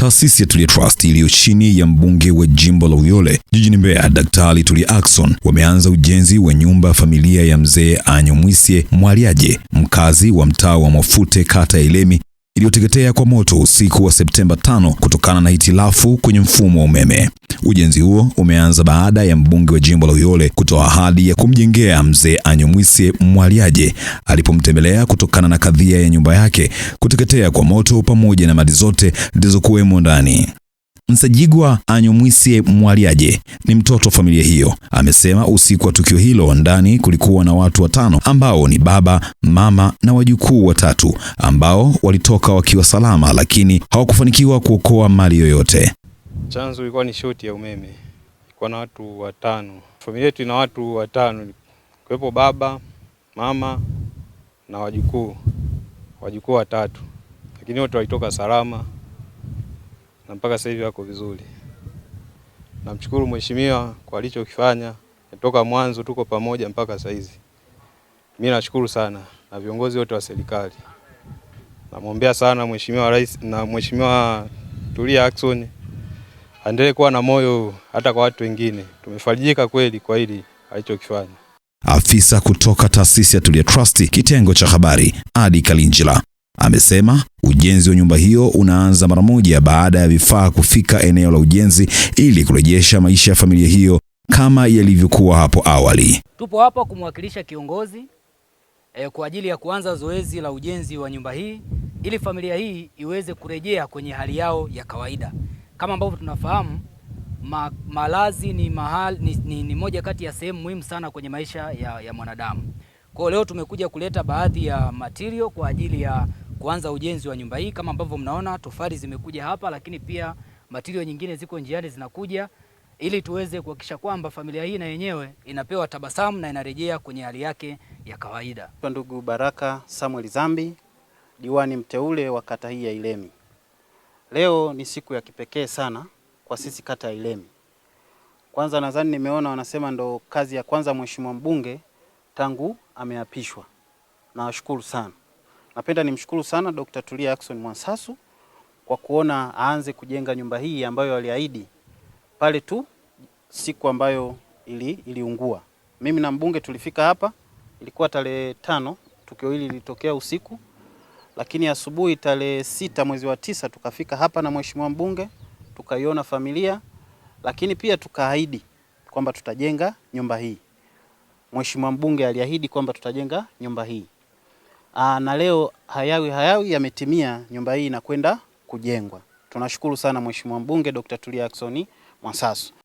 Taasisi ya Tulia Trust iliyo chini ya mbunge wa jimbo la Uyole jijini Mbeya, Daktari Tulia Ackson wameanza ujenzi wa nyumba ya familia ya mzee anyumwisye Mwalyaje, mkazi wa mtaa wa Mwafute, kata ya Ilemi, iliyoteketea kwa moto usiku wa Septemba 5 kutokana na hitilafu kwenye mfumo wa umeme. Ujenzi huo umeanza baada ya mbunge wa jimbo la Uyole kutoa ahadi ya kumjengea mzee Anyamwise Mwaliaje alipomtembelea kutokana na kadhia ya nyumba yake kuteketea kwa moto pamoja na mali zote zilizokuwemo ndani. Msajigwa Anyamwise Mwaliaje ni mtoto wa familia hiyo. Amesema usiku wa tukio hilo ndani kulikuwa na watu watano ambao ni baba, mama na wajukuu watatu ambao walitoka wakiwa salama, lakini hawakufanikiwa kuokoa mali yoyote. Chanzo ilikuwa ni shoti ya umeme, ilikuwa na watu watano. Familia yetu ina watu watano, kuwepo baba, mama na wajukuu, wajukuu watatu, lakini wote walitoka salama na mpaka sasa hivi wako vizuri. Namshukuru mheshimiwa kwa alichokifanya toka mwanzo, tuko pamoja mpaka sasa hizi. Mimi nashukuru sana na viongozi wote wa serikali, namwombea sana mheshimiwa rais na mheshimiwa Tulia Ackson aendelee kuwa na moyo hata kwa watu wengine. Tumefarijika kweli kwa hili alichokifanya. Afisa kutoka taasisi ya Tulia Trust kitengo cha habari Adi Kalinjila amesema ujenzi wa nyumba hiyo unaanza mara moja baada ya vifaa kufika eneo la ujenzi ili kurejesha maisha ya familia hiyo kama yalivyokuwa hapo awali. Tupo hapa kumwakilisha kiongozi eh, kwa ajili ya kuanza zoezi la ujenzi wa nyumba hii ili familia hii iweze kurejea kwenye hali yao ya kawaida. Kama ambavyo tunafahamu ma, malazi ni, mahali, ni, ni, ni moja kati ya sehemu muhimu sana kwenye maisha ya, ya mwanadamu. Kwa leo tumekuja kuleta baadhi ya material kwa ajili ya kuanza ujenzi wa nyumba hii. Kama ambavyo mnaona tofali zimekuja hapa, lakini pia material nyingine ziko njiani zinakuja, ili tuweze kuhakikisha kwamba familia hii na yenyewe inapewa tabasamu na inarejea kwenye hali yake ya kawaida. Ndugu Baraka Samuel Zambi, diwani mteule wa kata hii ya Ilemi. Leo ni siku ya kipekee sana kwa sisi kata ya Ilemi. Kwanza nadhani nimeona wanasema ndo kazi ya kwanza mheshimiwa mbunge tangu ameapishwa. Nawashukuru sana. Napenda nimshukuru sana Dr. Tulia Ackson Mwansasu kwa kuona aanze kujenga nyumba hii ambayo aliahidi pale tu siku ambayo ili, iliungua. Mimi na mbunge tulifika hapa, ilikuwa tarehe tano. Tukio hili lilitokea usiku lakini asubuhi tarehe sita mwezi wa tisa tukafika hapa na mheshimiwa mbunge tukaiona familia, lakini pia tukaahidi kwamba tutajenga nyumba hii. Mheshimiwa mbunge aliahidi kwamba tutajenga nyumba hii. Aa, na leo hayawi hayawi yametimia, nyumba hii inakwenda kujengwa. Tunashukuru sana Mheshimiwa mbunge Dr. Tulia Ackson Mwasasu.